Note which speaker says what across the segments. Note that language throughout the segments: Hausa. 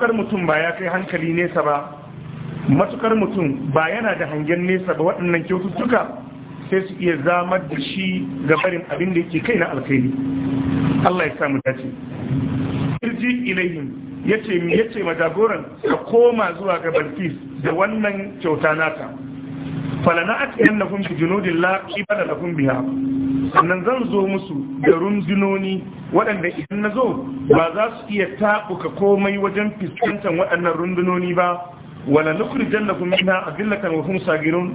Speaker 1: matukar mutum ba ya kai hankali nesa ba matukar mutum ba yana da hangen nesa ba waɗannan kyaututtuka sai su iya zamar da shi ga barin abin da yake kai na alkhairi Allah ya samu dace irji ilayhim yace mi yace ma jagoran ka koma zuwa ga Balkis da wannan kyauta nata falana atiyannahum bi junudillahi qibala lahum biha sannan zan zo musu da rundunoni waɗanda idan na zo ba za su iya taɓuka komai wajen fiskantar waɗannan rundunoni ba wala nukhrijan lakum a adillatan wa hum sagirun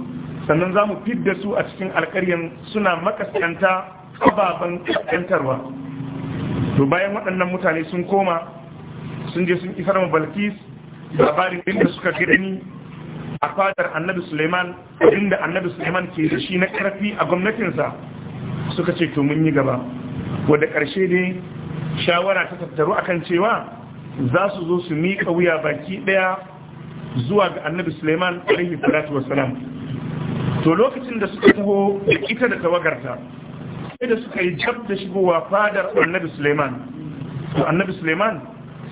Speaker 1: sannan za mu fidda su a cikin alƙaryan suna makaskanta ababen kaskantarwa to bayan waɗannan mutane sun koma sun je sun isar ma balkis labarin inda suka gani a fadar annabi suleiman inda annabi suleiman ke da shi na ƙarfi a gwamnatinsa suka ce to mun yi gaba wadda ƙarshe ne shawara ta tattaru akan cewa za su zo su miƙa wuya baki ɗaya zuwa ga annabi suleiman alaihi salatu wasalam to lokacin da suka taho da ita da tawagarta sai da suka yi jab da shigowa fadar annabi suleiman to annabi suleiman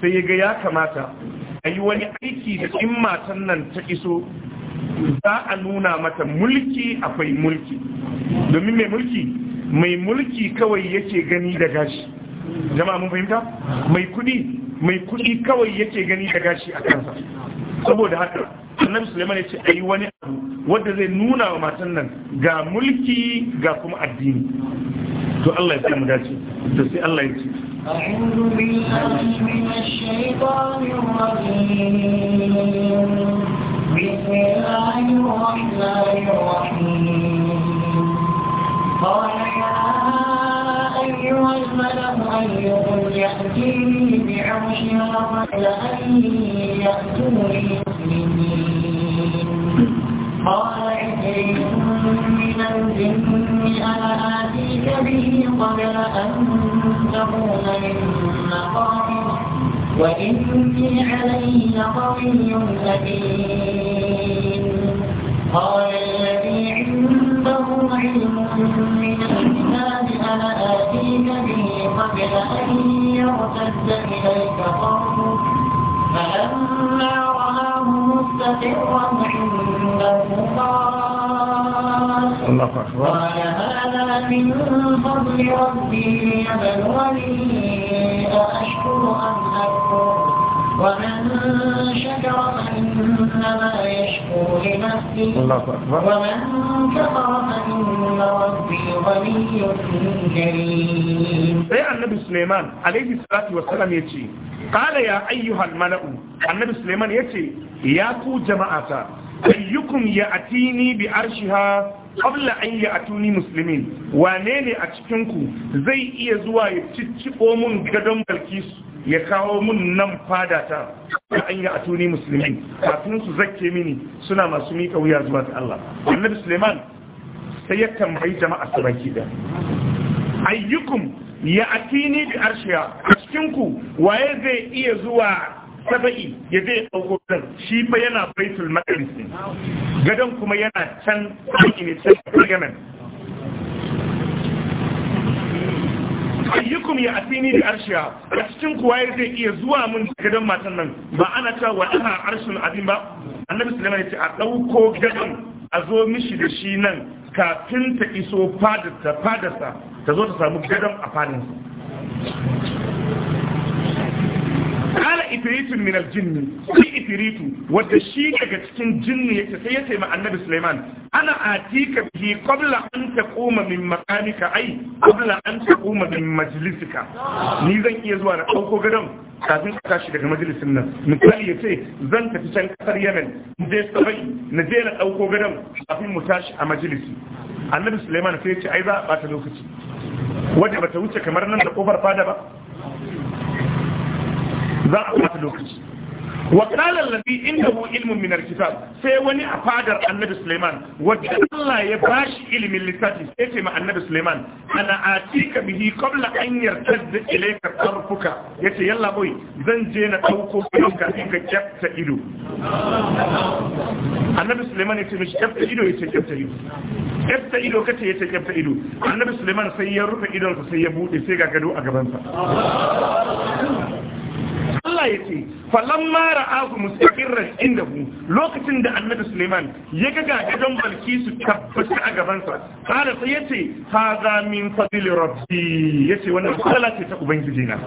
Speaker 1: sai ya ga ya kamata a yi wani aiki da in matan nan ta iso za a nuna mata mulki akwai mulki domin mai mulki mai mulki kawai yake gani da gashi jama'a mun fahimta mai kudi mai kudi kawai yake gani da gashi a kansa saboda haka annabi suleiman ya ce ayi wani abu wanda zai nuna wa matan nan ga mulki ga kuma addini to Allah ya sa mu dace to sai Allah ya ce
Speaker 2: أعوذ بالله من الشيطان الرجيم بسم الله الرحمن الرحيم قال يا أيها الملأ أيكم يأتيني بعرشها قبل أن مسلمين قال عفريت من الجن به قبل أن تقوم من مقامه وإني عليه لقوي أمين قال من الكتاب أنا آتيك به قبل أن يرتد إليك طرفك فلما رآه مستقرا عنده قال هذا من فضل ربي يبلغني أأشكر أم أكفر ومن شكر فإنما يشكر لنفسه ومن
Speaker 1: كفر فإن ربي غني كريم sai annabi Suleiman alaihi salatu wassalam ya ce kala ya annabi Suleiman ya ce ya ku jama'ata ayyukum ya atini bi arshiha qabla an ya atuni muslimin wane a cikinku zai iya zuwa ya cicciɓo mun balkisu ya kawo mun nan fada ta an yi atuni musulmi kafin su zakke mini suna masu mika wuya zuwa ta Allah annabi Suleiman sai ya tambayi jama'a su baki da ayyukum ya atini bi arshiya cikin ku waye zai iya zuwa saba'i ya zai dauko Shifa shi fa yana baitul maqdis gadon kuma yana can ne sai ayyukum ya asini da arshiya a cikin kuwa ya zai iya zuwa mun gadon matan nan ba ana ta wa ana arshin abin ba annabi sulaiman ya ce a ɗauko gadon a zo mishi da shi nan kafin ta iso fadarsa ta zo ta samu gadon a fadinsa kala ifiritun min aljinni sai ifiritu wadda shi daga cikin jinni yake sai ya ce ma annabi Sulaiman ana atika bihi qabla an taquma min maqamika ai qabla an taquma min majlisika ni zan iya zuwa na dauko gadon kafin ka tashi daga majalisin nan misali yace zan tafi can kasar Yemen je sabai na je na dauko gadon kafin mu tashi a majalisi annabi Sulaiman sai ya ce ai za a bata lokaci wadda bata wuce kamar nan da kofar fada ba za ku وقال الذي عنده علم من الكتاب سيوني أفادر النبي سليمان وقال الله يباش علم اللساتي سيتم النبي سليمان أنا آتيك به قبل أن يرتد إليك طرفك يتي يلا بوي زنجين أوكو فيك إنك جبت إلو النبي سليمان يتي مش جبت إلو يتي جبت إلو جبت إلو كتي يتي جبت إلو النبي سليمان سيرفع إلو سيبوت سيغا كدو أقبانسا Allah ya ce falamma ra'ahu mustaqirran indahu lokacin da annabi Suleiman ya ga balki Balkisu tabbata a gabansa kada sai ya ce haza min fadli rabbi ce wannan kala ce ta ubangiji na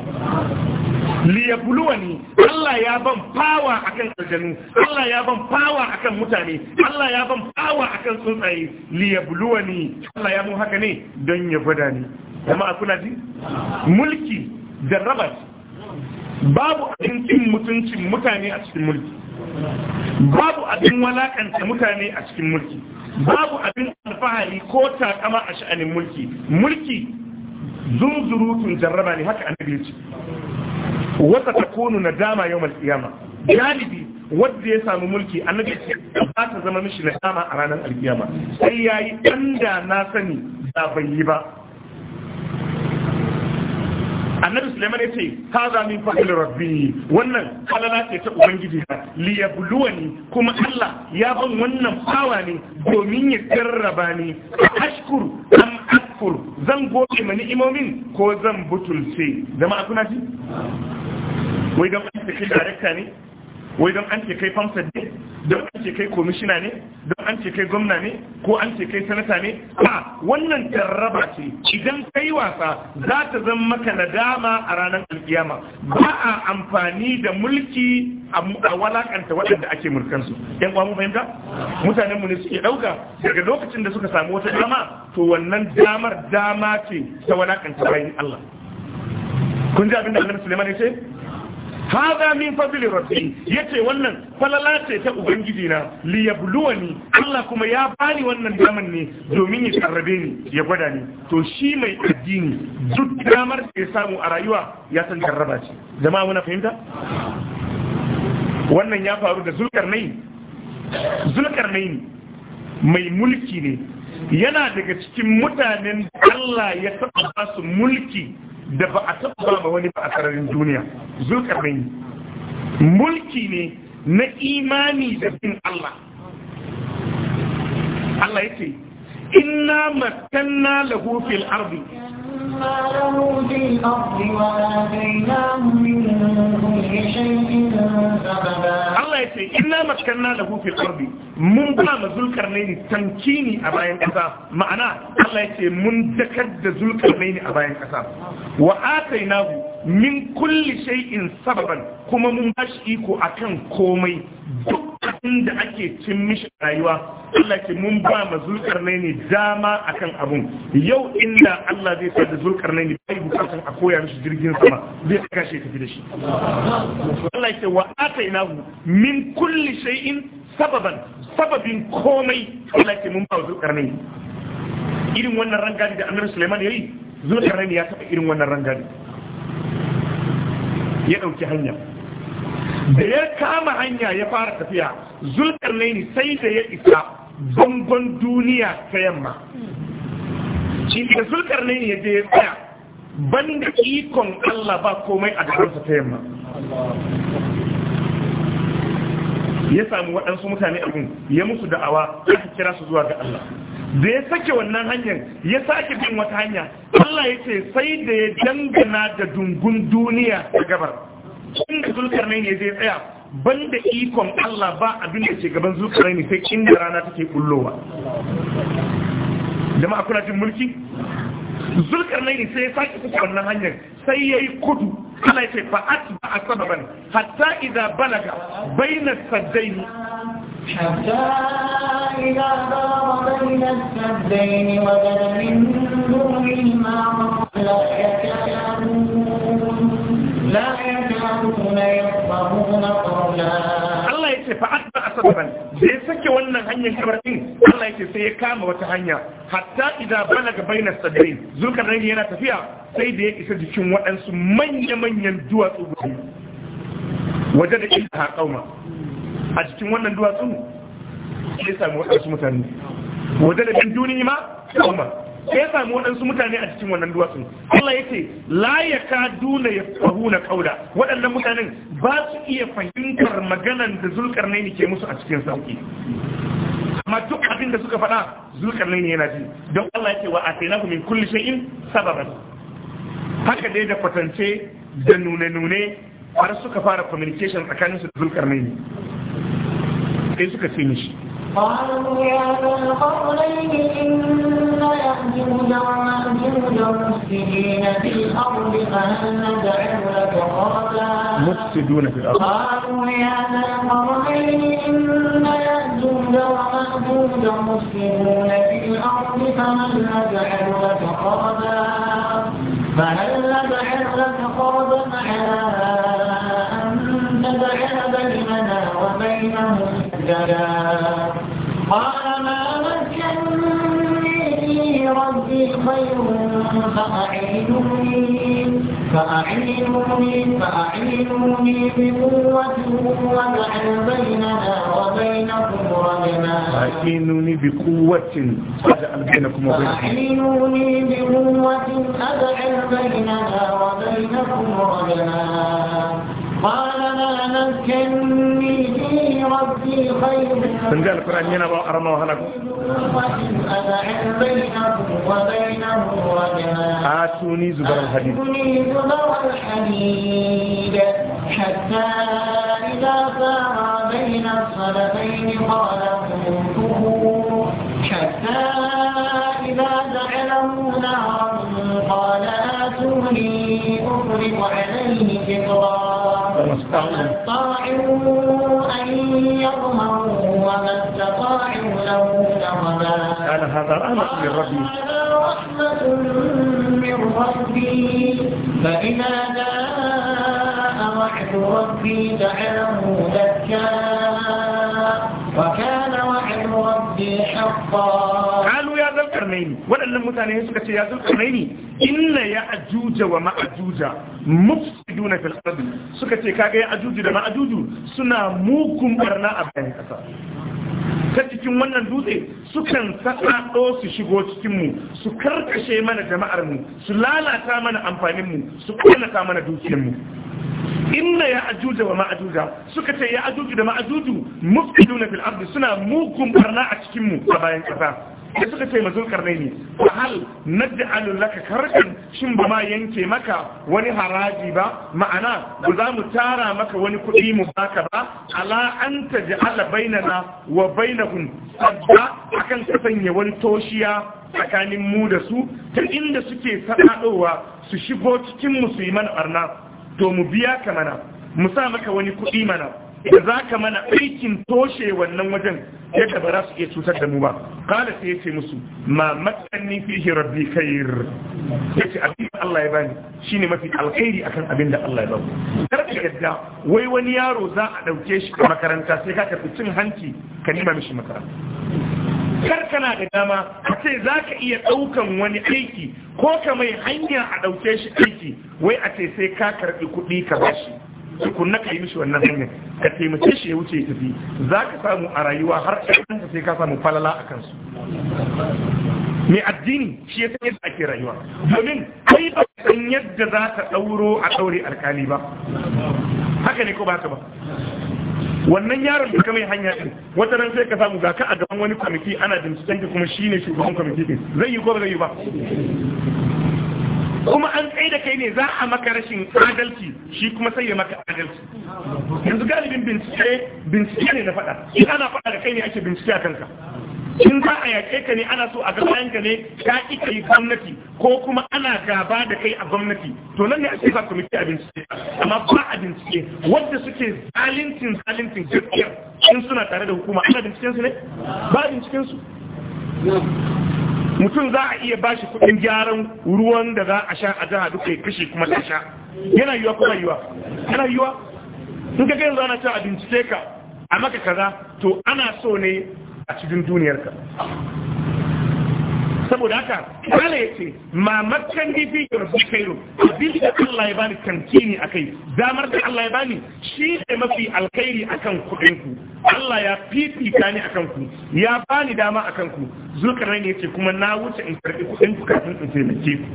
Speaker 1: liyabluwani Allah ya ban fawa akan aljanu Allah ya ban fawa akan mutane Allah ya ban fawa akan tsuntsaye liyabluwani Allah ya mun haka ne don ya gwada ni jama'a kuna ji mulki da rabat babu abin cin mutuncin mutane a cikin mulki babu abin walakanta mutane a cikin mulki babu abin alfahari ko takama a sha'anin mulki mulki zunzurutun jarraba ne haka annabi ya ce wata ta konu na dama yau mai kiyama galibi wadda ya samu mulki annabi ya ce ba ta zama mishi na dama a ranar alkiyama sai ya yi dan da na sani da bai yi ba annabi suleiman ya ce haza min fa'il rabbi wannan kalala ce ta ubangiji na li yabluwani kuma Allah ya ban wannan fawa ne domin ya jarraba ni ashkur am akfur zan goge mani imomin ko zan butulce jama'a kuna ji wai don an ce kai director ne wai don an ce kai famsa ne don an ce kai komishina ne don an ce kai gwamna ne ko an ce kai sanata ne a wannan jarraba ce idan kai wasa za ta zama maka nadama a ranar alkiyama ba a amfani da mulki a walakanta waɗanda ake mulkansu yan uwa mu fahimta mutanenmu ne suke ɗauka daga lokacin da suka samu wata dama to wannan damar dama ce ta walakanta bayan Allah kun ji abin da Annabi suleiman ya ce hada min fadli rabbi yace wannan falala ce ta ubangiji na li yabluwani Allah kuma ya bani wannan daman ne domin ya karrabe ni ya gwada ni to shi mai addini duk damar da ya samu a rayuwa ya san jarraba ce jama'a muna fahimta wannan ya faru da zulkarnain zulkarnain mai mulki ne yana daga cikin mutanen Allah ya taɓa su mulki da ba a taɓa wani ba a sararin duniya zulkarnaini mulki ne na imani da bin Allah Allah yake inna matanna lahu fil ardi مما له
Speaker 2: في الأرض وآتيناه من كل شيء
Speaker 1: سببا Allah ya ce inna makanna lahu fil ardi mun ba ma zulkarnaini ni a bayan kasa ma'ana Allah ya ce mun dakar da zulkarnaini a bayan kasa wa atainahu min kulli shay'in sababan kuma mun bashi iko akan komai abin da ake cin mishi rayuwa Allah ke mun ba ma zulkarnaini dama akan abun yau inda Allah zai sa da zulkarnaini bai bukatan a koya mishi jirgin sama zai saka shi tafi da shi Allah ke wa aka ina atainahu min kulli shay'in sababan sababin komai Allah ke mun ba zulkarnaini irin wannan rangadi da Annabi Sulaiman yayi zulkarnaini ya taba irin wannan rangadi ya dauki hanya da ya kama hanya ya fara tafiya zulkar zulkarnaini sai da ya isa bangon duniya ta yamma shi da ne ya je ya tsaya banda ikon Allah ba komai a gabansa ta yamma ya samu waɗansu mutane abin ya musu da'awa aka kira su zuwa ga Allah da ya sake wannan hanyar ya sake bin wata hanya Allah ya ce sai da ya dangana da dungun duniya ta gabar inda zulkarnai ne zai tsaya banda ikon Allah ba abin da ke gaban zulkarnai ne sai inda rana take kullowa da kuna jin mulki zulkarnai sai ya sake kuka wannan hanyar sai ya yi kudu ana ya ce ba a ba a hatta idza balaga baina saddaini حتى إذا ضرب
Speaker 2: بين السدين وجد من
Speaker 1: cikin kabar din Allah yake sai ya kama wata hanya hatta idan balaga bainas sadrin zulkarnain yana tafiya sai da ya isa jikin waɗansu manya-manyan duwatsu guda waje da ita kauma a cikin wannan duwatsu sai samu waɗansu mutane waje da bin duni ma kauma sai samu waɗansu mutane a cikin wannan duwatsu Allah ya ce la ya ka duna ya fahu na kauda waɗannan mutanen ba su iya fahimtar maganan da zulkarnaini ke musu a cikin sauki amma duk abin da suka faɗa zulkarnai ne yana ji don Allah ya ce wa atainahu min kulli shay'in sababan haka dai da kwatance da nune-nune har suka fara communication tsakanin su da ne sai suka ce قالوا يا ذا
Speaker 2: في الأرض فهل نجعل لك
Speaker 1: مفسدون في الأرض
Speaker 2: قالوا يا ذا القرنين إن يأجوج ومأجوج مفسدون في الأرض فهل نجعل لك خرجا فهل نجعل لك على أن تجعل بيننا وبينهم قال ما مكنني ربي خير فأعينوني فأعينوني فأعينوني بقوة واجعل بيننا وبينكم
Speaker 1: رجما أعينوني بقوة واجعل بينكم وبينكم
Speaker 2: أعينوني بقوة أجعل بيننا وبينكم رجما قال ما مكني في ربي خير من
Speaker 1: قال القرآن ينا أرمى وهلكوا آتوني زبر الحديد
Speaker 2: آتوني زبر الحديد حتى إذا سار بين الصدفين قال حتى إذا جعله نارا قال آتوني أفرق عليه كفرا فما استطاعوا أن يظهروا وما استطاعوا له نظرا
Speaker 1: قال هذا رحمة من ربي هذا
Speaker 2: رحمة من ربي فإذا جاء وعد ربي جعله دكا وكان وعد ربي
Speaker 1: حقا zulkarnaini waɗannan mutane suka ce ya zulkarnaini inna ya ajuja wa ma'ajuja mufsiduna fil ardi suka ce kaga ya ajuju da ma'ajuju suna mugun barna a bayan kasa ta cikin wannan dutse sukan saɗaɗo su shigo cikinmu su karkashe mana jama'armu su lalata mana amfaninmu su kwanata mana dukiyarmu inna ya ajuja wa ma'ajuja suka ce ya ajuju da ma'ajuju mufsiduna fil ardi suna mugun barna a cikinmu a bayan kasa. sai suka ce mazul karnaini A hal naj'alu laka karqan shin ba ma yanke maka wani haraji ba ma'ana ba za mu tara maka wani kuɗi mu baka ba ala an taj'ala bainana wa bainahum sadda akan ka sanya wani toshiya tsakanin mu da su ta inda suke sadadowa su shigo cikin musulman arna to mu biya ka mana mu sa maka wani kuɗi mana da za ka mana aikin toshe wannan wajen yadda ba za su iya cutar da mu ba kala sai ya ce musu ma matsanni fi rabbi khair ya ce abin da Allah ya bani shine mafi alkhairi akan abin da Allah ya bani kar ka yadda wai wani yaro za a dauke shi a makaranta sai ka tafi cin hanci ka nima mishi makaranta kar kana da dama ka ce za ka iya ɗaukan wani aiki ko ka mai hanya a ɗauke shi aiki wai a ce sai ka karɓi kuɗi ka bashi tukunna ka yi mishi wannan hanyar ka taimake shi ya wuce ya tafi za ka samu a rayuwa har ɗansa sai ka samu falala a kansu mai addini shi ya san yadda ake rayuwa domin kai ba san yadda za ka ɗauro a ɗaure alkali ba haka ne ko ba ka ba wannan yaron da kamar hanya ɗin wata ran sai ka samu ga ka a gaban wani kwamiti ana binciken kuma shine shugaban kwamiti ɗin zai yi ko ba zai yi ba kuma an tsaye da kai ne za a maka rashin adalci shi kuma sai ya maka adalci yanzu galibin bincike bincike ne na faɗa in ana faɗa da kai ne ake bincike a kanka in za a yaƙe ka ne ana so a ga ka ne ka ƙi yi gwamnati ko kuma ana gaba da kai a gwamnati to nan ne ake sa kwamiti a bincike amma ba a bincike wadda suke zalintin zalintin gaskiya in suna tare da hukuma ana binciken ne ba binciken su mutum za a iya ba shi kudin gyaran ruwan da za a sha a jiha duka ya kashe kuma ta sha yana yiwa kuma yiwa yana yiwa in ka yanzu zana ta a bincike ka a maka kaza to ana so ne a cikin duniyarka saboda haka kwale ya ce ma makon gifi ga rasu kairu abin da Allah ya bani kanki ne kai. damar da Allah ya bani shi ne mafi alkhairi akan kuɗin ku Allah ya fifita ni a ku ya bani dama kanku. kanku zukarai ne ce kuma na wuce in karɓi kuɗin ku kafin in taimake ku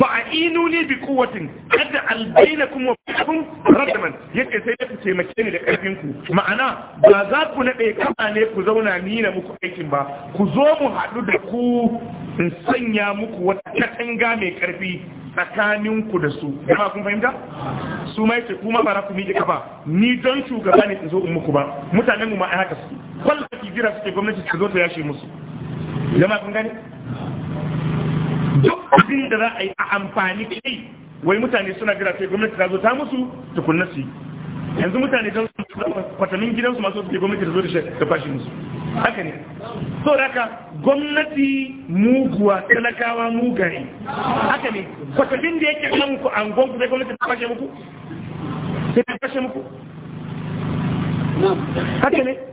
Speaker 1: a fa'inuni bi quwwatin qad albaynakum wa bikum radaman yadda sai ku taimake ni da ƙarfinku, ma'ana ba za ku naɗe kama ne ku zauna ni na muku aikin ba ku zo mu haɗu da ku in sanya muku wata katanga mai ƙarfi tsakaninku da su jama'a kun fahimta su ma yace kuma ba ku miƙe kafa ni don shugaba ne in zo in muku ba mutanen mu ma ai haka su kwalla ki jira suke gwamnati ta zo ta yashe musu jama'a kun gani? duk abin da za a yi a amfani yi, wai mutane suna jira sai gwamnati ta zo ta musu tukunna su yanzu mutane don kwatamin gidansu masu suke gwamnati da zo da fashi musu haka ne so raka gwamnati muguwa talakawa mugaye haka ne kwatamin da yake kan ku an gwamnati sai gwamnati ta fashe muku sai ta fashe muku haka ne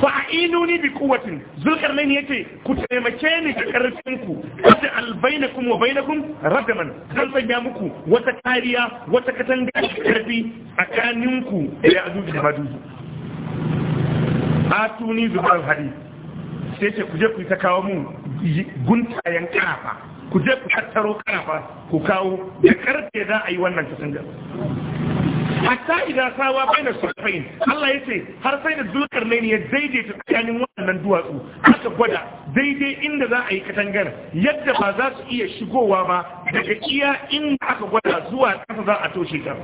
Speaker 1: fa'inuni bi quwwatin zulkarnain yace ku taimake ni da karfin ku da albainakum wa bainakum radaman zan sanya muku wata kariya wata katanga karfi tsakanin ku da azubi da maduzu atuni zubar hadi sai ce ku je ku ta kawo mun guntayen karafa ku je ku tattaro karafa ku kawo da karfe za a yi wannan katangar hatta idan sawa baina safain Allah ce har sai da zulkar ne ya daidaita tsakanin waɗannan duwatsu aka gwada daidai inda za a yi katangar yadda ba za su iya shigowa ba daga iya inda aka gwada zuwa ƙasa za a toshe ta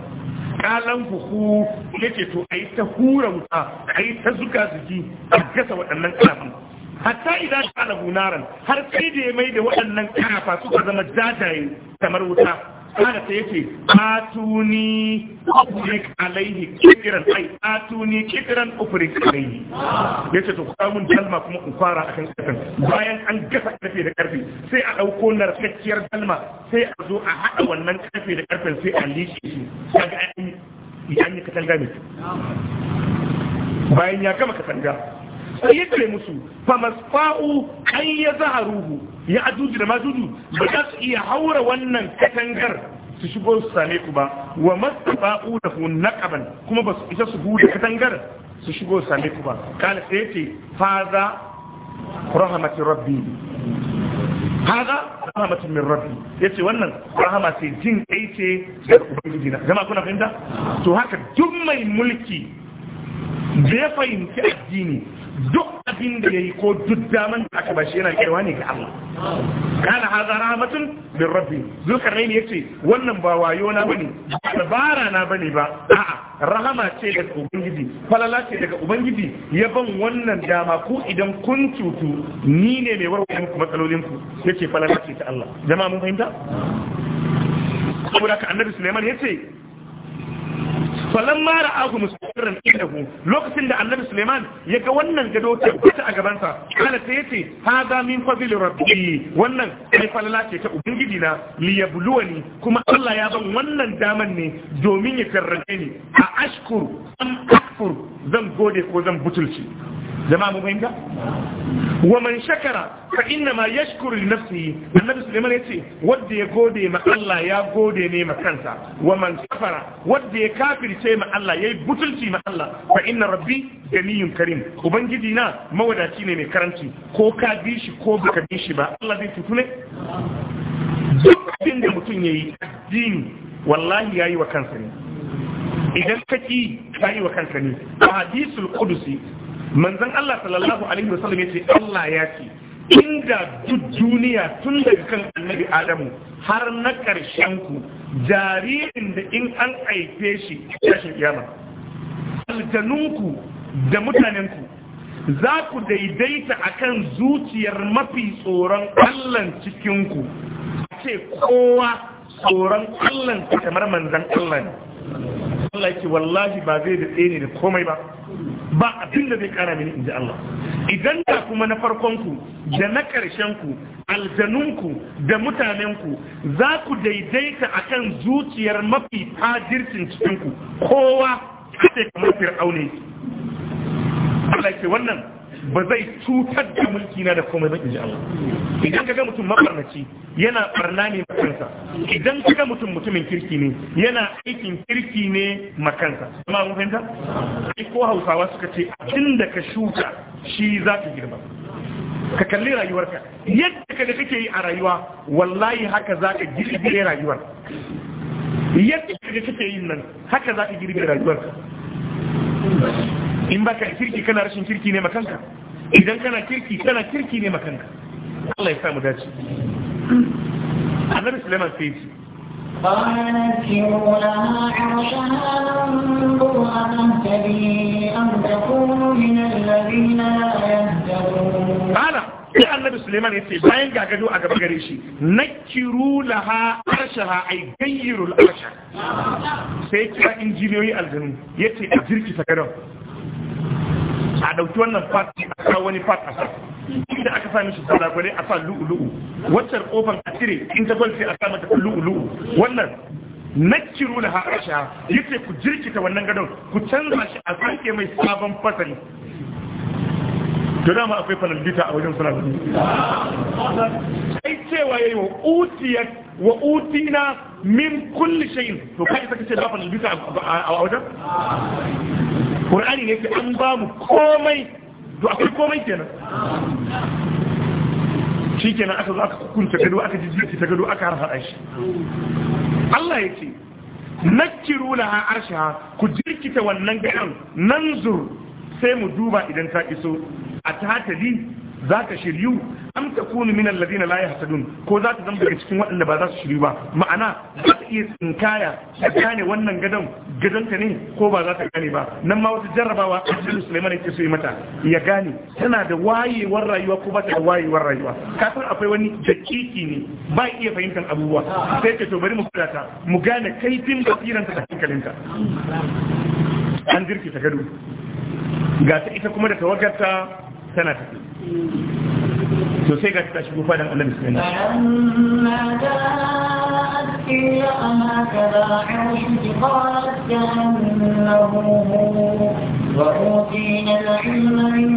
Speaker 1: kalan kuku yake to a yi ta hura wuta a yi ta zuka zuki a gasa waɗannan kafin hatta idan ta na naran har sai da ya mai da waɗannan kafa suka zama jajaye kamar wuta قال سيتي آتوني أفرق عليه كثيرا أي آتوني كثيرا أفرق ya ce to ka mun dalma kuma in fara akan kafin bayan an gasa karfe da karfe sai a ɗauko narkakkiyar dalma sai a zo a haɗa wannan karfe da karfen sai a lishe shi kaga an yi katanga ne bayan ya gama katanga sai yake musu fa masfa'u an ya zaharuhu ya ajuju da majuju ba za su iya haura wannan katangar su shigo su same ku ba wa masfa'u da hun naqaban kuma ba su isa su bude katangar su shigo su same ku ba kana sai yace faza rahmatir rabbi haza rahmatun min rabbi yace wannan rahama sai jin kai ce daga ubangiji na jama'a kuna fahimta to haka duk mai mulki bai fahimci addini duk abin da yi ko duk daman da aka bashi yana kaiwa ne ga Allah kana haza rahmatun bin rabbi ya ce wannan ba wayo na bane dabara na bane ba a'a rahama ce daga ubangiji falala ce daga ubangiji ya ban wannan dama ko idan kun cutu ni ne mai warware muku matsalolin ku ce falala ce ta Allah jama'a mun fahimta saboda ka annabi ya ce. falan mara ahu musulman ilahu lokacin da annabi suleiman ya ga wannan gado ta bata a gabansa kana sai yace hada min fadli rabbi wannan kai falala ce ta ubangiji na li yabluwani kuma Allah ya ban wannan daman ne domin ya karrage ni a ashkur an akfur zan gode ko zan butulci jama'a mu fahimta wa man shakara fa inna ma yashkuru li nafsihi annabi sulaiman yace wanda ya gode ma Allah ya gode ne ma kansa wa man kafara wanda ya kafirce ma Allah yayi butulci ma Allah fa inna rabbi ganiyun karim ubangiji na mawadaci ne mai karanci ko ka bi shi ko baka bi shi ba Allah zai tutu duk abin da mutum yayi addini wallahi yayi wa kansa ne idan ka ki wa kanka ne a hadisul qudusi manzon Allah sallallahu alaihi sallam yace Allah ya ce inda duk duniya tun daga kan annabi Adamu har na ƙarshen ku jaririn da in an aife shi tashin kiyama aljanunku da mutanenku za ku daidaita akan zuciyar mafi tsoron cikin ku ce kowa tsoron Allah kamar manzon Allah ne Allah yake wallahi ba zai da ni da komai ba ba abin da zai kara mini inji Allah idan da kuma na farkon ku da na ƙarshen ku aljanun ku da mutanen ku za ku daidaita akan zuciyar mafi fadircin cikin ku kowa sai kamar fir'aune Allah yake wannan ba zai cutar da mulki na da komai ba inji Allah idan kaga mutum mabarnaci yana barna ne makansa idan kaga mutum mutumin kirki ne yana aikin kirki ne makansa amma mun fahimta ko Hausawa suka ce da ka shuka shi za ka girma ka kalli rayuwarka yadda ka da kake yi a rayuwa wallahi haka za ka girbe rayuwar yadda ka da kake yin nan haka za ka girbe rayuwarka baka kirki kana rashin kirki ne makanka idan kana kirki kana kirki ne makanka Allah ya samu dace annabi Sulaiman sai ce Ana sai annabi Suleiman ya ce bayan gagado a gaba gare shi na kiru laha arshaha ai gayyirul arsha sai kira injiniyoyi aljanu ya ce a jirki sakadan a ɗauki wannan fati a kawo wani fat a sa inda aka sa sada sadakwarai a sa lu'ulu'u Wancan kofan a cire in ta gwalce a sa mata lu'ulu'u wannan na kiro da haƙasha ce ku jirkita wannan gadon ku canza shi a sake mai sabon fasali to dama akwai fanalbita a wajen suna ai cewa yayi wa utiyat wa utina min kulli shay'in to kai saka ce ba a wajen ƙur'ani ne ce an ba mu komai to akwai komai kenan shi kenan aka zo aka kunta gado aka jijjirci ta gado aka harfa aishi Allah ya ce nakiru laha arsha ku jirkita wannan nan zur sai mu duba idan ta iso a tatali za ka shiryu ta kunu min alladhina la yahtadun ko za ta zama daga cikin waɗanda ba za su shiryu ba ma'ana za ta iya tsinkaya ta gane wannan gadon gadonta ne ko ba za ta gane ba nan ma wata jarrabawa Abdul Sulaiman yake so yi mata ya gane tana da wayewar rayuwa ko ba ta da wayewar rayuwa ka san akwai wani dakiki ne ba iya fahimtar abubuwa sai ka to bari mu kula ta mu gane kaifin basiranta da hankalinta an jirki ta gado ga ta ita kuma da tawagarta tana tafi to sai ga ta shigo fadan Allah bismillah
Speaker 2: amma ja'at ila amaka ra'ish qalat jannahu وأوتينا العلم من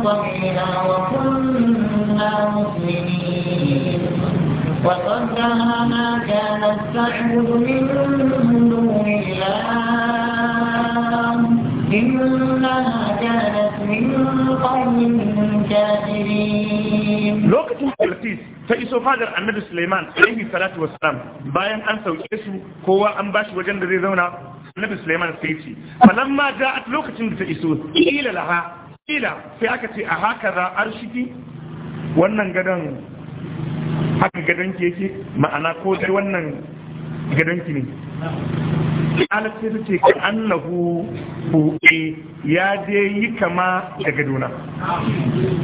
Speaker 2: قبلنا وكنا مسلمين وصدها ما كانت تعبد من دون الله
Speaker 1: lokacin kwalitis ta iso fadar annabi suleiman alaihi salatu wasalam bayan an sauke su kowa an bashi wajen da zai zauna annabi Sulaiman sai ce falon ma ja a lokacin da ta iso ila laha ila sai aka ce a haka za a wannan gadon haka gadon keke ma'ana ko wannan gadon ki alfirce ka annahu buɗe ya je yi kama da gadona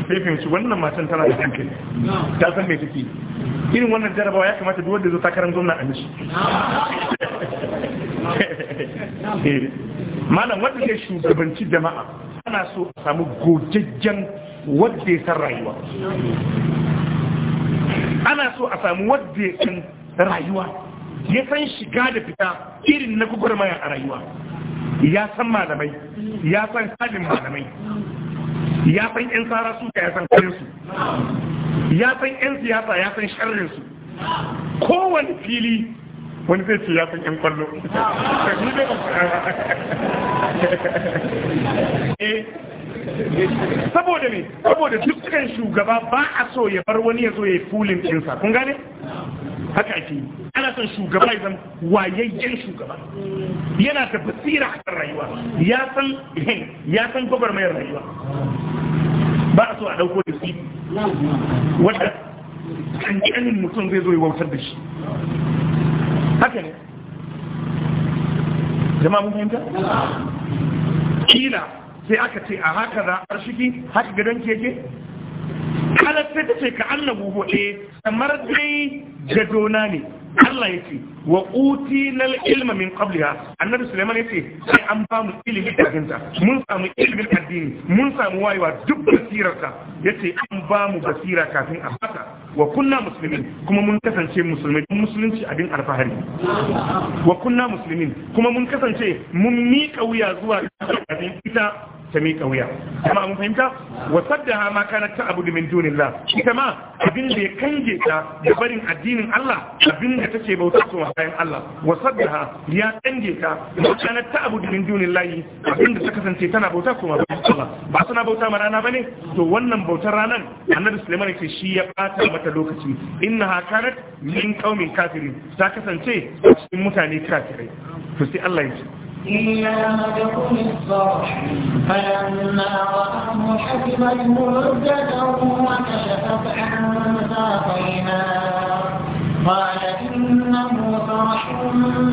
Speaker 1: sai fahimci wannan matan tana da kanke ta san mai take irin wannan jarabawa ya kamata duwar da zo takarar gwamna a mishi malam wanda ke shugabanci jama'a ana so a samu gojajjen wadda ya san rayuwa ana so a samu wadda ya san rayuwa ya san shiga da fita irin na gwagwarmaya a rayuwa ya san malamai ya san halin malamai ya san 'yan tsara su ya san kayansu ya san 'yan siyasa ya san sharrinsu kowane fili wani zai ce ya san yan kwallo eh, saboda ne saboda dukkan shugaba ba a so ya bar wani ya zo ya yi fulin ɗinsa kun gane haka ake yi ana son shugaba ya zama wayayyen shugaba yana da basira a kan rayuwa ya san ya san gwagwarmayar rayuwa ba a so a ɗauko da su wadda kankanin mutum zai zo ya wautar da shi haka ne jama'a mun fahimta kila sai aka ce a haka za a shiki haka gadon keke halar sai ta ce ka annabu kamar dai dona ne Allah ya ce wa utilal ilma min qabliha annabi sulaiman yace sai an ba mu ilimi da mun samu ilimin addini mun samu wayewa duk basirarsa yace an ba basira kafin a baka wa kunna muslimin kuma mun kasance musulmai mun musulunci abin alfahari wa kunna muslimin kuma mun kasance mun miƙa wuya zuwa abin ita ta miƙa wuya amma mun fahimta wa sadda saddaha ma kanat abu min dunillah ita ma abin da ya kange ta da barin addinin Allah abin da take bauta to bayan Allah wa ya kange ta kana ta abu din dunillahi layi abinda ta kasance tana bauta kuma ba Allah ba suna bauta ma rana bane to wannan bautar ranan annabi Sulaiman yake shi ya bata mata lokaci innaha kanat min qaumin kafirin ta kasance cikin mutane kafirai to sai Allah ya
Speaker 2: ce فرح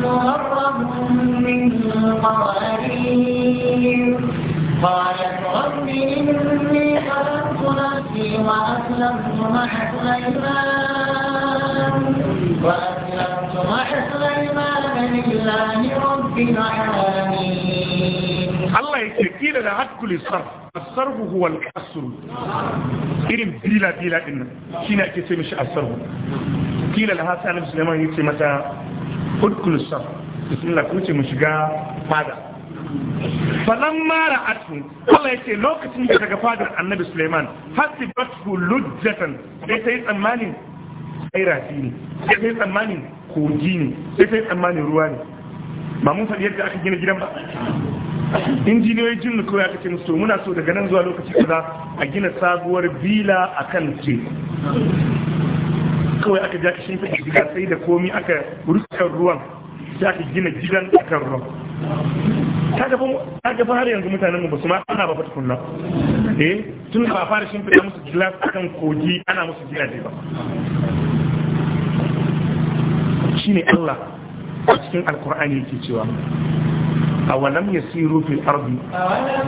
Speaker 2: مغرب من قوارير قالت إني حرمت نفسي وأسلمت مع سليمان
Speaker 1: وأسلمت مع سليمان لله رب العالمين الله يتكيل لعد كل الصرف الصرف هو الكسر إرم بلا بلا إن شنا كتمش الصرف قيل لها سالم سليمان يسمى udkul saf bismillah kuma ce mu shiga fada falan mara atu Allah ya ce lokacin da daga fadar annabi Suleiman hasi batu lujjatan sai ta yi tsammanin tsairafi ne sai ta yi tsammanin kogi ne sai ta yi tsammanin ruwa ne ba mun faɗi yadda aka gina gidan ba injiniyoyin jin kawai aka ce musu muna so daga nan zuwa lokaci kaza a gina sabuwar bila akan teku kawai aka ja ka shimfiɗa gida sai da komi aka ruskar ruwan za ka gina gidan kan ruwan ta gafa har yanzu mutanen mu basu ma ana ba fata kunna eh tun ba fara shimfiɗa musu gilas akan kogi ana musu gidaje ba shine Allah a cikin alkur'ani yake cewa أولم يسيروا في الأرض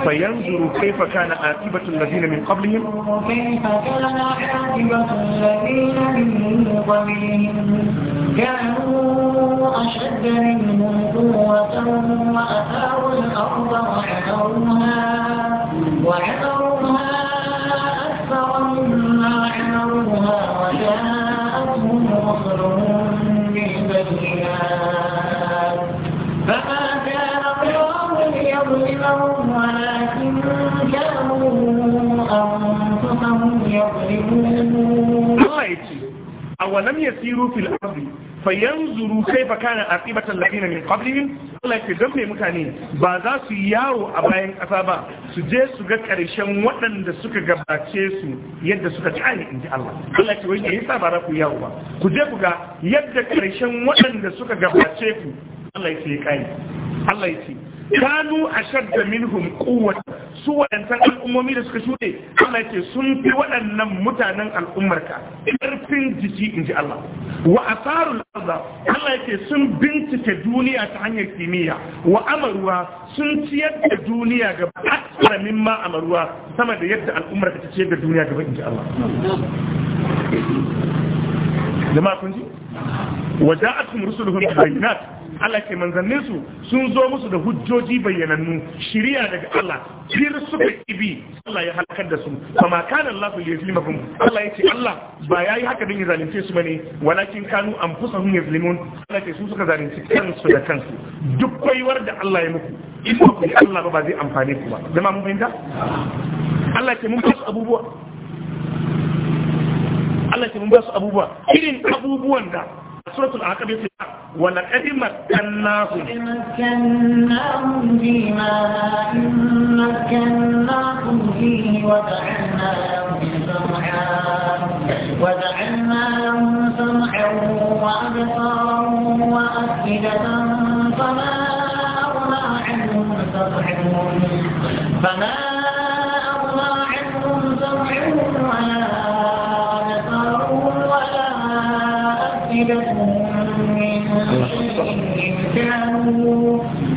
Speaker 1: فينظروا كيف كان عاقبة الذين من قبلهم
Speaker 2: كيف كان عاقبة الذين من قبلهم كانوا أشد منهم قوة وأثاروا الأرض وحذروها وحذروها أكثر مما حذروها وجاءتهم رسلهم بالبينات فما يظلمهم ولكن كانوا
Speaker 1: أنفسهم
Speaker 2: يظلمون
Speaker 1: أولم يسيروا في الأرض fayanzuru kaifa kana aqibatan alladhina min qablihim Allah ke dan mutane ba za su yawo a bayan kasa ba su je su ga karshen waɗanda suka gabace su yadda suka ci ai inji Allah Allah ke wai yasa ba za ku yawo ba ku je ku ga yadda karshen waɗanda suka gabace ku Allah ya ce kai Allah ya ce kanu ashadda minhum quwwatan su waɗancan al'ummomi da suka shuɗe Allah ce sun fi waɗannan mutanen al'ummarka ƙarfin jiki in ji Allah wa asarul arda Allah ce sun bincike duniya ta hanyar kimiyya wa amaruwa sun ciyar da duniya gaba aksara mimma amaruwa sama da yadda al'ummarka ta ciyar da duniya gaba in ji Allah jama'a kun ji wa ja'akum rusuluhum bil bayyinat Allah ke manzannin su sun zo musu da hujjoji bayyanannu shiriya daga Allah fir suka ibi Allah ya halakar da su kama kana Allah ya yuzlimakum Allah ya ce Allah ba ya yi haka din ya zalunce su bane walakin kanu an ya yuzlimun Allah ke su suka zalunce kansu da kansu duk baiwar da Allah ya muku in ba ku Allah ba ba zai amfane ku ba Zama mun fahimta Allah ke mun kasu abubuwa Allah ke mun ba su abubuwa irin abubuwan da سورة العقبة ولقد مكناهم
Speaker 2: مكناهم في إن مكناهم فيه وجعلنا لهم سمعا وجعلنا لهم سمعا وأبصارا وأفئدة فما أغنى عنهم سمعهم فما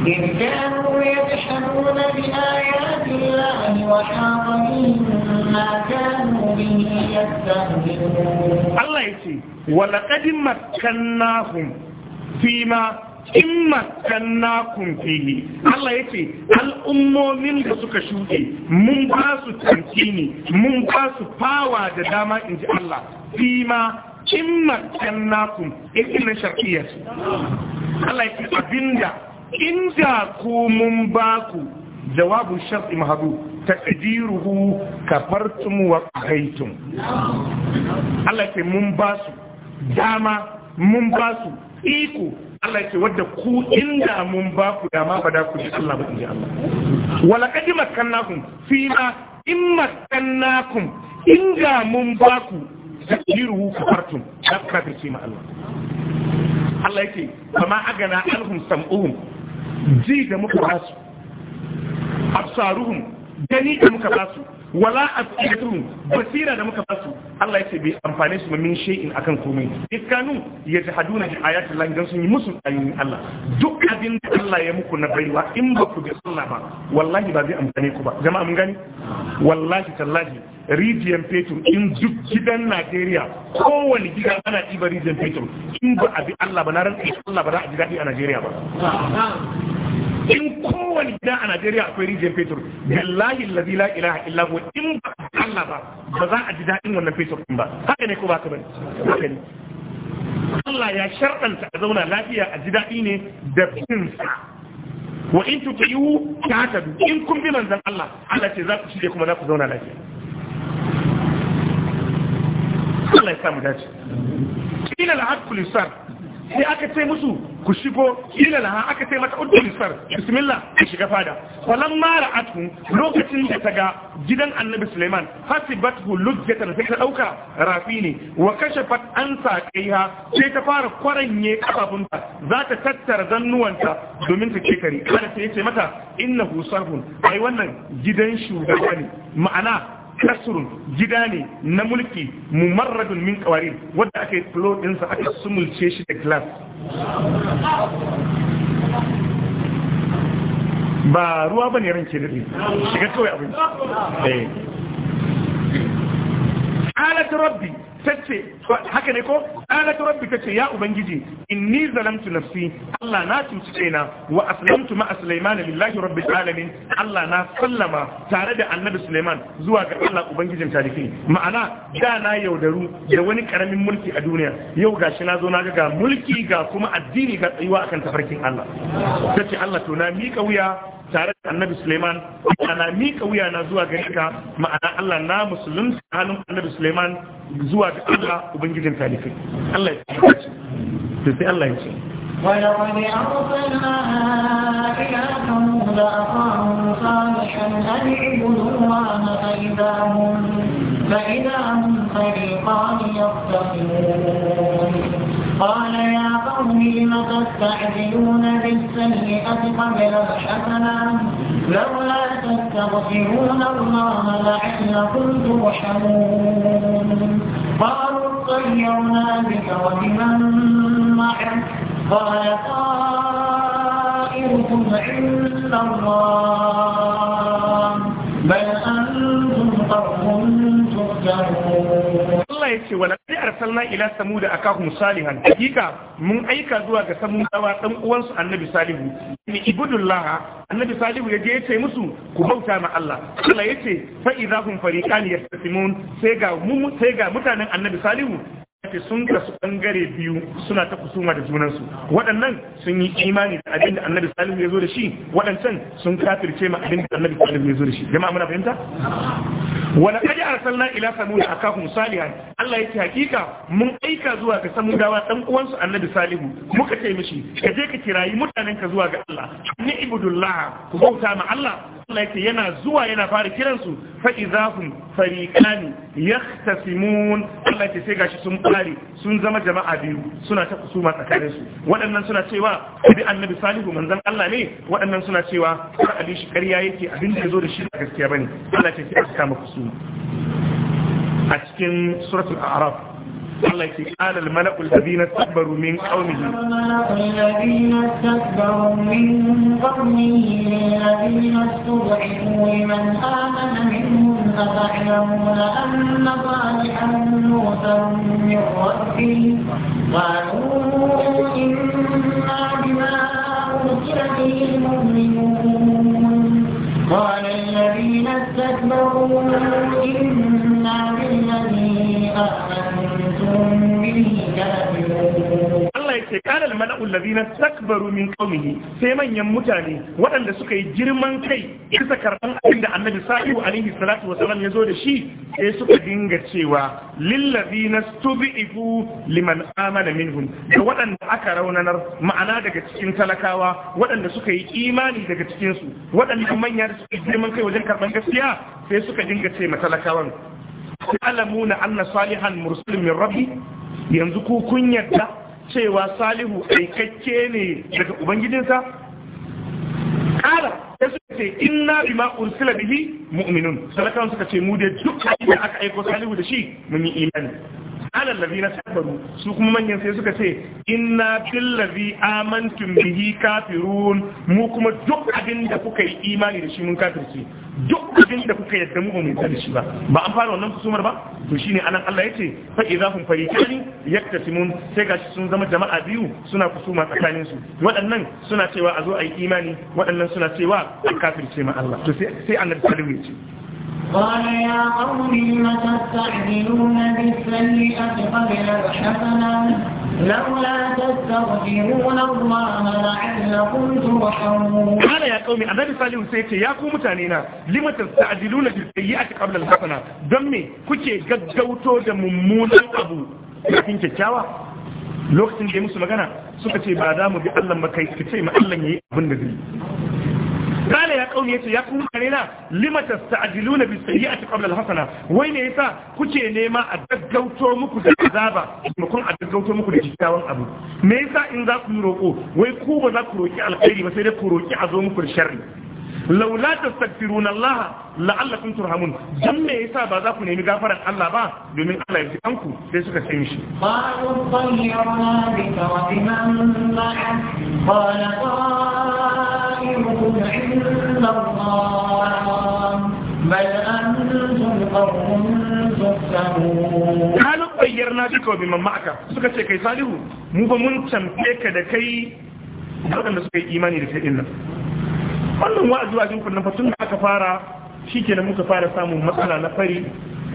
Speaker 2: إذ كانوا يجحدون بآيات الله وحاق ما
Speaker 1: كانوا به يستهزئون الله يسي ولقد مكناهم فيما in makannakun fihi Allah ya ce al'ummomin da suka shuɗe mun ba su tantini mun ba su fawa da dama in ji Allah fi ma in makannakun ikinan shar'iyyar Allah ya ce abinda inda ku mun ba ku jawabun shar'i mahadu taqdiruhu tun wa qahaytum Allah ke mun ba su dama mun ba su iko Allah ke wadda ku inda mun ba ku dama ba da ku shi Allah ba inji Allah wala qad makannakun fi ma in makkannakum inda mun ba ku ta taqdiruhu ta kafirci ma Allah Allah yake kama agana alhum sam'uhum ji da muka ba su absaruhum gani da muka ba su wala asiratuhum basira da muka ba su Allah ya ce bai amfane su min shay'in akan komai iskanu yajhaduna bi ayati Allah dan sun yi musu ayin Allah duk abin da Allah ya muku na baiwa in ba ku bi Allah ba wallahi ba zai amfane ku ba jama'a mun gani wallahi tallahi rijiyar fetur in duk gidan Najeriya kowane gida ana ɗiba rijiyar fetur in ba a bi Allah ba na ran Allah ba za a ji daɗi a Najeriya ba. In kowane gida a Najeriya akwai rijiyar fetur, billahi lazi la ilaha illa ko in ba Allah ba ba za a ji daɗin wannan fetur in ba. Haka ne ko ba ka bane? Haka ne. Allah ya sharɗanta a zauna lafiya a ji daɗi ne da bin sa. wa in tuti'u ta in kun bi manzon Allah Allah ce za ku shige kuma za ku zauna lafiya Allah ya samu dace ila al-haqqu lisar sai aka ce musu ku shigo ila laha aka ce mata uddu lisar bismillah ku shiga fada falan mara atu lokacin da ta ga gidan annabi suleiman hasibatu lujjatan sai ta dauka rafi ne wa kashafat an saqiha sai ta fara kwaranye kafafunta za ta tattara zannuwanta domin ta ce kare kada ta ce mata innahu sarbun ai wannan gidan shugaba ne ma'ana kasurun gida ne na mulki mumarradun min kawarin wadda aka yi flow ɗinsa aka sumulce shi da glass ba ruwa ba ne ranke daɗe shiga kawai abinci eh. rabbi tace haka ne ko qalat rabbi tace ya ubangiji inni zalamtu nafsi Allah na tuci kaina wa aslamtu ma Sulaiman lillahi rabbil alamin Allah na sallama tare da annabi Sulaiman zuwa ga Allah ubangijin tarihi ma'ana da na yaudaru da wani karamin mulki a duniya yau gashi na zo na ga mulki ga kuma addini ga tsayuwa akan tafarkin Allah tace Allah to na mika wuya tare da annabi suleiman ana miƙa wuya na zuwa gare ka ma'ana allah na musulun hannun annabi suleiman zuwa ga allah ubangijin talifin allah ya ce sai allah ya ce
Speaker 2: ولقد أرسلنا إلى ثمود أخاهم صالحا أن اعبدوا الله فإذا هم فإذا هم فريقان يختصمون قال يا قوم لم تستعجلون بالسيئة قبل الحسنة لولا تستغفرون الله لعلكم ترحمون قالوا اطيرنا بك وبمن معك قال طائركم عند الله بل أنتم قوم
Speaker 1: تفترون الله arsalna ila samud akahum salihan hakika mun aika zuwa ga samudawa dan uwansu annabi salihu ni ibudullah annabi salihu ya je yace musu ku bauta ma Allah Allah yace fa idahum fariqan yastasimun sai ga mu sai ga mutanen annabi salihu sun kasu bangare biyu suna ta kusuma da junansu waɗannan sun yi imani da abin da annabi salim ya zo da shi waɗancan sun kafirce ma abin da annabi salim ya zo da shi jama'a muna fahimta wala kaji arsalna ila samud akahum salihan Allah yake hakika mun aika zuwa ga samudawa dan uwansu annabi salihu muka ce mishi ka je ka kirayi mutanen ka zuwa ga Allah ni ibudullah ku bauta ma Allah Allah yake yana zuwa yana fara kiransu fa'izahun farikani ya tasimun Allah yake sai gashi sun fari sun zama jama'a biyu suna ta kusuma tsakaninsu waɗannan suna cewa bi annabi salihu manzan Allah ne waɗannan suna cewa kar abin shi ƙarya yake abin da ya zo da shi a gaskiya bane Allah yake sai aka kama kusuma a cikin suratul a'raf الله يكفي قال الملأ الذين استكبروا من قومه
Speaker 2: الذين استكبروا من قومه الذين استضعفوا لمن آمن منهم أتعلمون أن صالحا مرسل من ربه قالوا إنا بما أرسل به المؤمنون قال الذين استكبروا
Speaker 1: إنا بالذي أرسل Allah ya ce kana al-mala'u allazina takbaru min qaumihi sai manyan mutane waɗanda suka yi girman kai bisa karban abin da Annabi Sa'ihu alaihi salatu wa salam ya zo da shi sai suka dinga cewa lil ladina stubifu liman amana minhum da waɗanda aka raunanar ma'ana daga cikin talakawa waɗanda suka yi imani daga cikin su waɗanda manya da suka yi girman kai wajen karban gaskiya sai suka dinga ce ma talakawan. na anna salihan mursalin min rabbi yanzu ku kun yadda cewa salihu aikakke ne daga ubangijinsa kara sai suka ce inna bima ursila bihi mu'minun salakan suka ce mu da duk abinda aka aiko salihu da shi mun yi imani ala ladina sabaru su kuma manyan sai suka ce inna billazi amantum bihi kafirun mu kuma duk abin da kuka yi imani da shi mun kafirci duk abin da kuka yadda mu ba mu da shi ba ba an fara wannan kusumar ba to shine anan Allah yace fa idza hum fariqani yaktasimun sai gashi sun zama jama'a biyu suna kusuma tsakanin su waɗannan suna cewa a zo a yi imani waɗannan suna cewa a kafirce ma Allah to sai sai annabi sallallahu alaihi wasallam
Speaker 2: قال يا قوم تستعجلون بالسيئة قبل الحسنة zakumala ya kaumi samun ƙarfin ruwa a amma ba a cikin yaƙo min tunu baƙar mu.
Speaker 1: imada ya kaume a dafisa lihutai ce don me kuke gaggauto da mummunan abu daga cikin kyakkyawa lokacin da ya musu magana suka ce ba za bi allan baka yi ce ma allan ya yi a abin da bi. kauye yace ya kuma kare limatas lima tasta'jiluna bis sayyi'ati qabla al hasana wai ne yasa kuke nema a gaggauto muku da azaba mukun a gaggauto muku da kikkiawan abu me yasa in za ku roko wai ku ba za ku roki alkhairi ba sai dai ku roki a zo muku da sharri لو لا تستغفرون الله لعلكم ترحمون جمع حساب هذا كن يمي غفرت الله با دومين الله يتقنكو دي سوكا سيمشي
Speaker 2: قالوا طيرنا بك وبمن معك قال طائركم عند الله بل انتم قوم
Speaker 1: تفتنون wannan wa'azi wa jinku na fatun da aka fara shikenan muka fara samun matsala na fari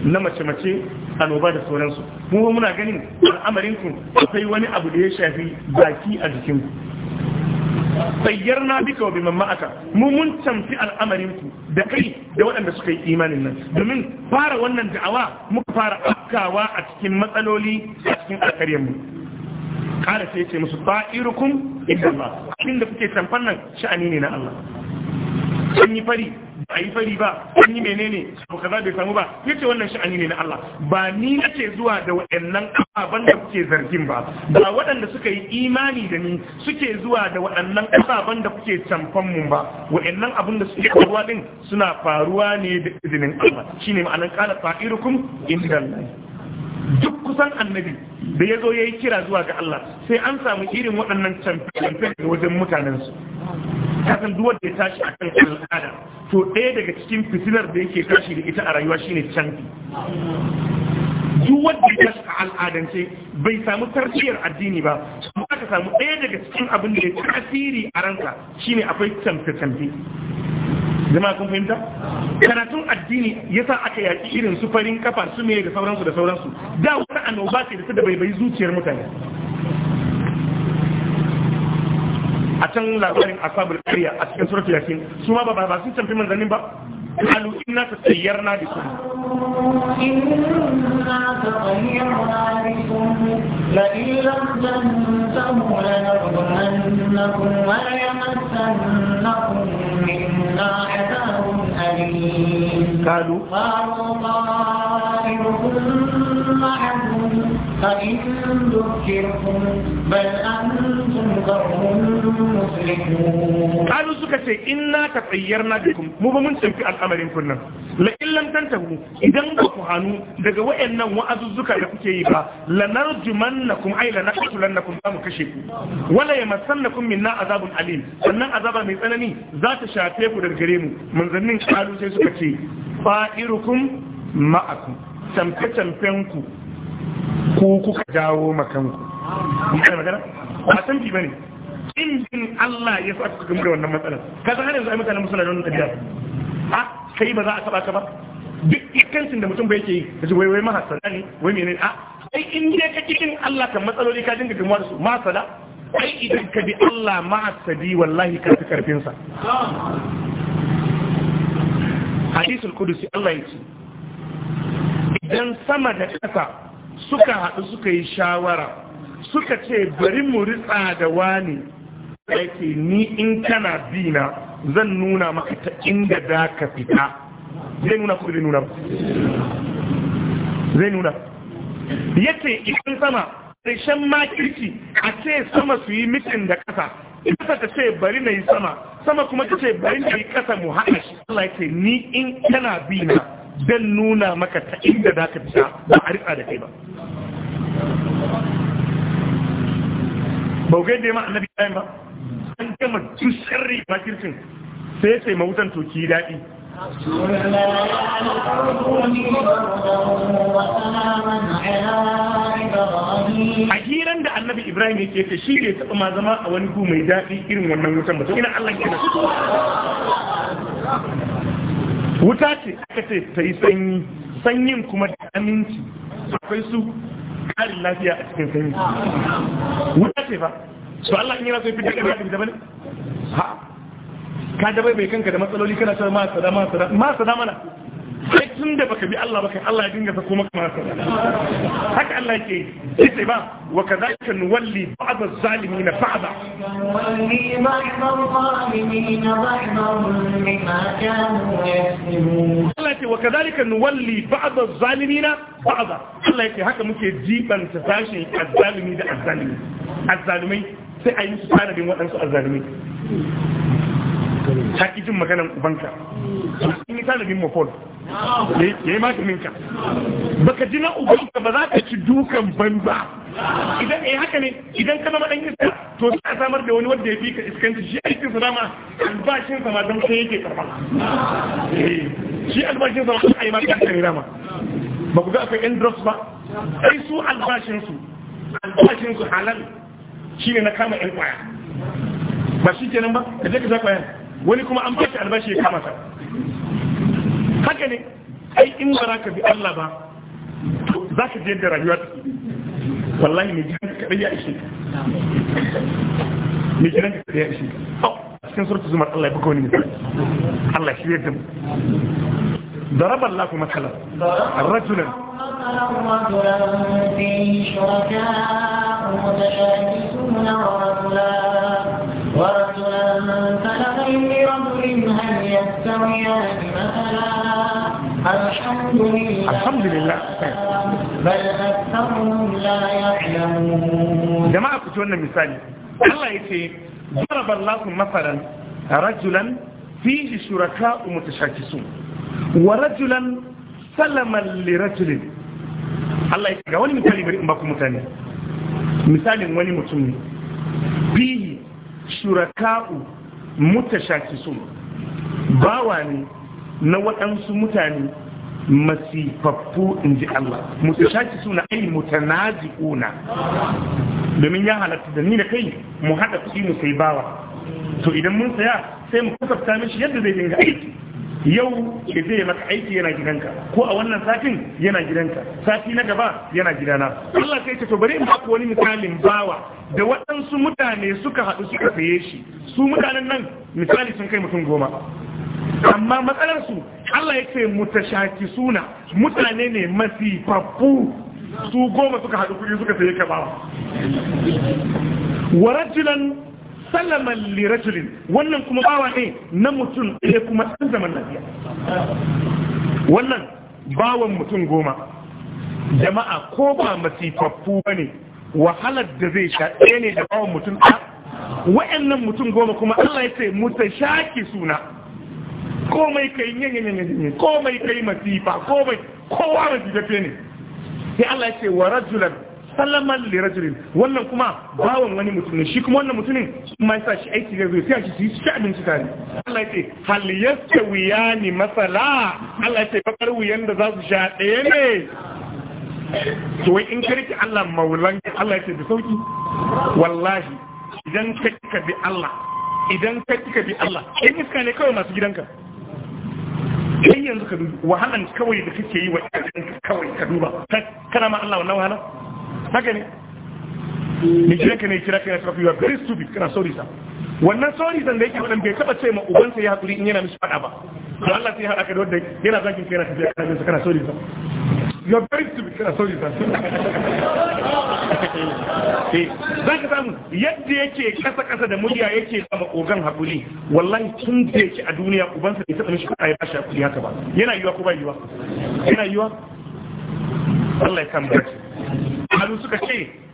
Speaker 1: na mace-mace a noba da sauransu mu muna ganin al'amarin ku akwai wani abu da ya shafi baki a jikinku.
Speaker 3: ku
Speaker 1: bayyar na bika wa biman aka mu mun tamfi al'amarin ku da kai da waɗanda suka yi imanin nan domin fara wannan da'awa muka fara afkawa a cikin matsaloli a cikin alƙaryar mu kara sai ce musu ba'irukum inda Allah abinda kuke tamfan nan sha'ani ne na Allah an yi fari ba a yi fari ba an yi menene abu kaza bai samu ba ya ce wannan sha'ani ne na Allah ba ni na ce zuwa da waɗannan ababen da kuke zargin ba ba waɗanda suka yi imani da ni suke zuwa da waɗannan ababen da kuke canfan mun ba waɗannan abin da suke faruwa din suna faruwa ne da izinin Allah shine ma'anar ƙala fa'irukum inda duk kusan annabi da ya zo ya yi kira zuwa ga Allah sai an samu irin waɗannan canfan da wajen mutanensu kasan duk da ya tashi a kan al'ada to ɗaya daga cikin fitilar da yake tashi da ita a rayuwa shine canfi duk da ya tashi a al'adance bai samu tarbiyyar addini ba amma aka samu ɗaya daga cikin abin da ya tasiri a ranka shine akwai canfe-canfe jama'a kun fahimta karatun addini ya sa aka yaki irin su farin kafa su me da sauransu da sauransu da wata annoba ce da ta da bai bai zuciyar mutane a can labarin asabul qarya a cikin suratul yasin su ma ba ba sun tamfi manzannin ba alu inna tatayyarna bikum
Speaker 2: inna da bikum la ذاكركم معكم فإن ذكركم
Speaker 1: بل أنتم قوم مسلمون قالوا سكتي إنا تطيرنا بكم مو بمن في الأمر كنا لئن لم تنتهوا إذا ku hannu daga wayannan wa'azuzzuka da kuke yi ba lanarjumannakum ay lanaqtulannakum za mu kashe ku wala yamassannakum minna azabun alim sannan azaba mai tsanani za ta shafe ku daga mu manzannin kalu sai suka ce camfe-camfen ku kuka jawo makanku ba canfi ba ne injin Allah ya sa kuka da wannan matsalar ka san hannun zai mutane musulun wannan tafiya a kai ba za a taba ka ba duk ikancin da mutum bai ke yi da wai waiwai mahasala ne wai mene a ai in dai ka kikin Allah kan matsaloli ka jin gamuwa da su mahasada ai idan ka bi Allah mahasadi wallahi ka fi karfinsa hadisul kudusi Allah ya ce don sama da ƙasa suka haɗu suka yi shawara suka ce bari mu ritsa da wani yake ni in kana bina zan nuna maka ta inda da ka fita zai nuna ko zai nuna zai nuna yake idan sama ƙarshen makirci a ce sama su yi mitin da ƙasa ƙasa ta ce bari na yi sama sama kuma ta ce bari na yi ƙasa mu haɗa shi Allah ya ce ni in kana bina zan nuna maka ta inda za ka fita ba a rika da kai ba baugai da ya ma'ana bi ba an gama duk sharri makircin sai ya ce mawutan toki daɗi a hiran da annabi ibrahim yake ta shi ne taɓa ma zama a wani gu mai daɗi irin wannan wutan ba ina allah kenan wuta ce aka ce ta yi sanyi sanyin kuma da aminci akwai su ƙarin lafiya a cikin sanyi wuta ce ba su Allah yi rasu so ya fitar da ya da bane ha ka dabai bai kanka da matsaloli kana ta ma sada ma sada ma mana sai tun da baka bi Allah baka Allah ya dinga sako maka masa haka Allah yake sai sai ba wa kadhalika nuwalli ba'd az-zalimin ba'd Allah yake wa kadhalika nuwalli ba'd az-zalimin ba'd Allah yake haka muke jibanta sashin az-zalimi da az-zalimi az-zalimai sai a yi su fara bin waɗansu az-zalimai ta ƙi jin maganan ubanka sun yi talibin mafol ya yi maganinka baka ji na ubanka ba za ka ci dukan banza idan ya eh, haka ne idan ka zama dan to za a samar da wani wanda ya fi ka iskanci shi aikin sa dama albashin sama don sai yake karba eh, shi albashin sama ma yi ma kan ne dama ba ku ga akwai yan drugs ba ai su albashin su albashin su halal shine na kama yan kwaya ba shi kenan ba ka je ka za kwaya wani kuma an bashi albashi ya kama sa haka ne ai in ba ka bi Allah ba za ka je da rayuwa ta wallahi mai gidan ka ya ishe ne gidan ka ya ishe oh, a cikin surutu zumar Allah ya buga wani misali Allah shi ya zama ضرب الله مثلا رجلا رجلا
Speaker 2: شركاء متشاكسون ورجلان يستويان مثلا الحمد لله الحمد
Speaker 1: لله بل أكثرهم لا يعلمون جماعة كتبنا مثال الله يتي ضرب الله مثلا رجلا فيه شركاء متشاكسون ورجلا سلما لرجل Allah ya ga wani misali bari in baku mutane misalin wani mutum ne bihi shuraka'u mutashakisun bawa ne na waɗansu mutane masifaffu in ji Allah musu shaki suna ai mutanazi'una domin ya halatta da ni da kai mu haɗa kuɗi mu sai bawa to idan mun saya sai mu kasafta mishi yadda zai dinga aiki yau ya zai maka aiki yana gidanka ko a wannan satin yana gidanka sati na gaba yana gidana Allah sai ce to bari in baku wani misalin bawa da waɗansu mutane suka haɗu suka saye shi su mutanen nan misali sun kai mutum goma amma matsalarsu Allah ya ce mutashaki suna mutane ne masifaffu su goma suka haɗu kuɗi suka sayi kabawa wa rajulan salaman li rajulin wannan kuma bawa ne na mutum ɗaya kuma ɗan zaman lafiya wannan bawan mutum goma jama'a ko ba masifaffu ba ne wahalar da zai sha ɗaya ne da bawan mutum ɗaya wa'annan mutum goma kuma Allah ya ce mutashaki suna komai kai nyanyanyanyanyi komai kai masifa komai kowa masifafe ne sai Allah ya ce wa rajulan salaman li rajulin wannan kuma bawan wani mutum shi kuma wannan mutumin kuma sa shi aiki ya zai sai shi su ci abinci tare Allah ya ce hal ni masala Allah ya ce bakar wuyan da za su sha ɗaya ne
Speaker 3: to wai in karki
Speaker 1: Allah maulan Allah ya ce da sauki wallahi idan ka bi Allah idan ka kika bi Allah in iska ne kawai masu gidanka kai yanzu ka dubi wahalan kawai da kake yi wa ƴaƴan kawai ka duba kana ma Allah wannan wahala haka ne ni gidanka ne kira kai ka fi very stupid kana sorry sa wannan sorry san da yake wannan bai taba ce ma ubansa ya hakuri in yana mishi fada ba to Allah sai ya haɗa ka da wanda yana zakin kai na tafiya kana kana sorry sa you're very stupid kana sorry sir za ka samu yadda yake kasa kasa da murya yake sama ogan hakuri wallan tun da yake a duniya ubansa ya taɓa mishi kuɗa ya bashi haƙuri haka ba yana yiwa ko ba yiwa yana yiwa Allah ya kan ba su suka ce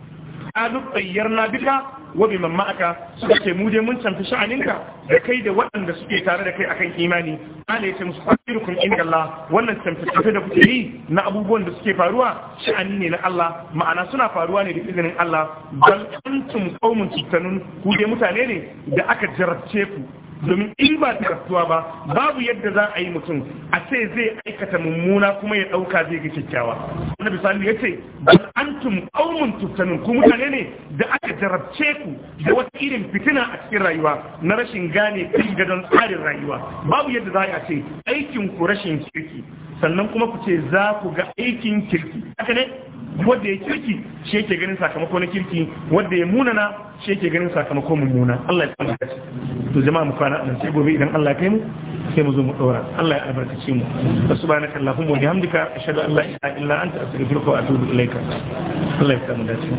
Speaker 1: qalu tayyarna bika wa biman ma'aka suka ce muje mun canfi sha'aninka da kai da waɗanda suke tare da kai akan imani ana yace musu fasirukum inda Allah wannan canfi canfi da kuke yi na abubuwan da suke faruwa sha'ani ne na Allah ma'ana suna faruwa ne da izinin Allah bal antum qaumun tutanun ku mutane ne da aka jarabce ku domin in ba ta kasuwa ba babu yadda za a yi mutum a ce zai aikata mummuna kuma ya ɗauka zai ga kyakkyawa wanda bisali ya ce bal antum qaumun tuftanun ku mutane ne da aka jarabce ku da wata irin fitina a cikin rayuwa na rashin gane kai ga don tsarin rayuwa babu yadda za a ce aikin ku rashin kirki sannan kuma ku ce za ku ga aikin kirki haka ne wanda ya kirki shi yake ganin sakamakon kirki wanda ya munana shi yake ganin sakamakon mummuna Allah ya kwana gaci to jama'a mu kwana nan sai gobe idan Allah ya kai mu sai mu zo mu dora Allah ya albarkace mu subhanaka allahumma wa bihamdika ashhadu an la ilaha illa anta astaghfiruka wa atubu ilaika Allah ya kwana gaci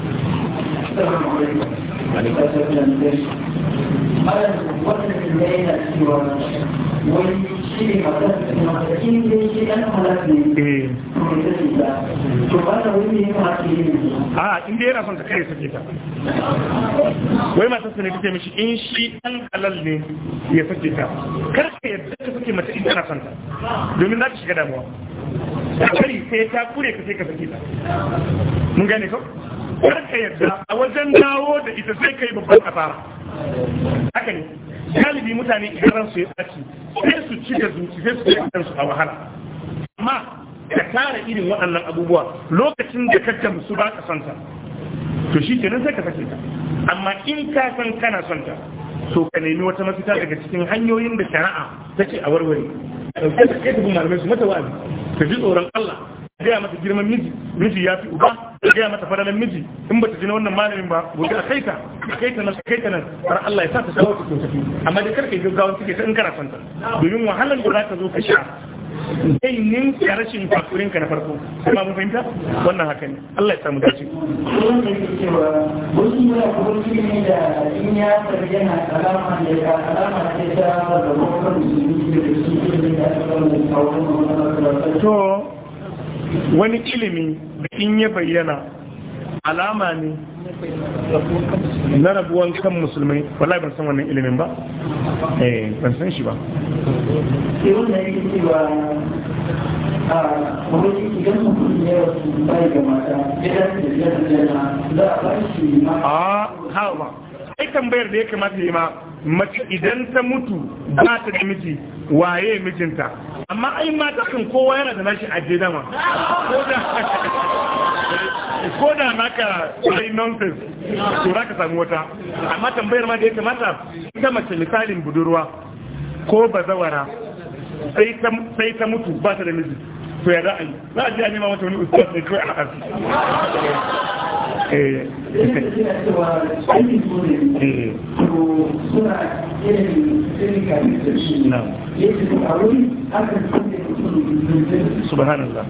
Speaker 2: malam wanda ke da yana cewa wani shi ne matakin da da shi ɗan da ne
Speaker 1: to ba da wani ne ma ke yi a ah, inda yana son ta kare sake ta wai matarsa ne take mishi in shi ɗan kalal ne ya sake ta kar ka yadda ka sake mata in kana son ta domin za ta shiga damuwa a kari sai ta kure ka sai ka sake ta mun gane kawai karka yadda a wajen dawo da ita sai kai babban asara haka ne galibi mutane idan su ya tsaci sai su ci da zuci sai su yi su a wahala amma ka tara irin waɗannan abubuwa lokacin da ka su ba ka santa to shi kenan sai ka sake ta amma in ka san kana santa to ka nemi wata mafita daga cikin hanyoyin da shari'a ta ce a warware ɗauke da kai malamai su mata wa'azi ka ji tsoron Allah gaya mata girman miji miji ya fi uba da gaya mata fadalan miji in bata ji na wannan malamin ba gobe a kai ta a kai ta nan kai ta nan har Allah ya sa ta shawo ta tafi amma da karka gaggawa suke ta in kana son ta domin wahalar da za ka zo ka sha zai ninka rashin fakurin ka na farko kuma mun fahimta wannan haka ne Allah ya samu dace to wani ilimi da in ya bayyana alama ne na rabuwan kan musulmai wallahi ban san wannan ilimin ba eh ban san shi ba a ah, ha ba tambayar da ya kamata ya ma mace idan ta mutu ba ta da miji waye mijinta amma ai mata kan kowa yana da nashi aje dama ko da naka sai nonsense to za ka samu wata amma tambayar ma da ya kamata ita mace misalin budurwa ko bazawara sai ta mutu ba ta da miji to ya za a yi za a ji a nema mata wani ustaz ne kawai a subhanallah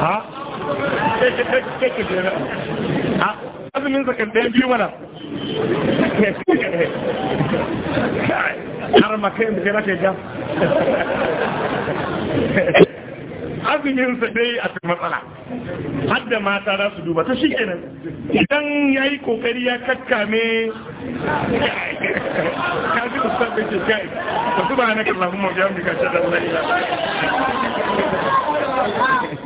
Speaker 1: ha azumin zakan mana har makai mu kai ja azuminsa dai a cikin matsala hadda mata za su duba ta shi kenan idan ya yi kokari ya kakkame ka ji ustaz da ke kai ba su ba na kallon mu jami'a ka ce da wani